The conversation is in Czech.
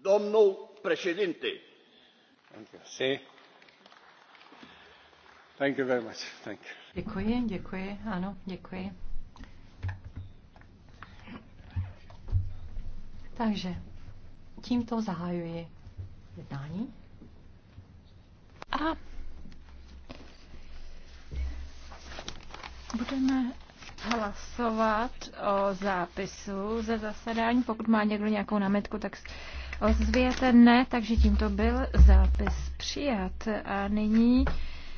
Domnul președinte. Thank you. See? Thank you very much. Thank you. Děkuji, děkuji, ano, děkuji. Takže tímto zahajuji jednání. A budeme hlasovat o zápisu ze zasedání. Pokud má někdo nějakou námitku, tak ozvěte ne, takže tímto byl zápis přijat. A nyní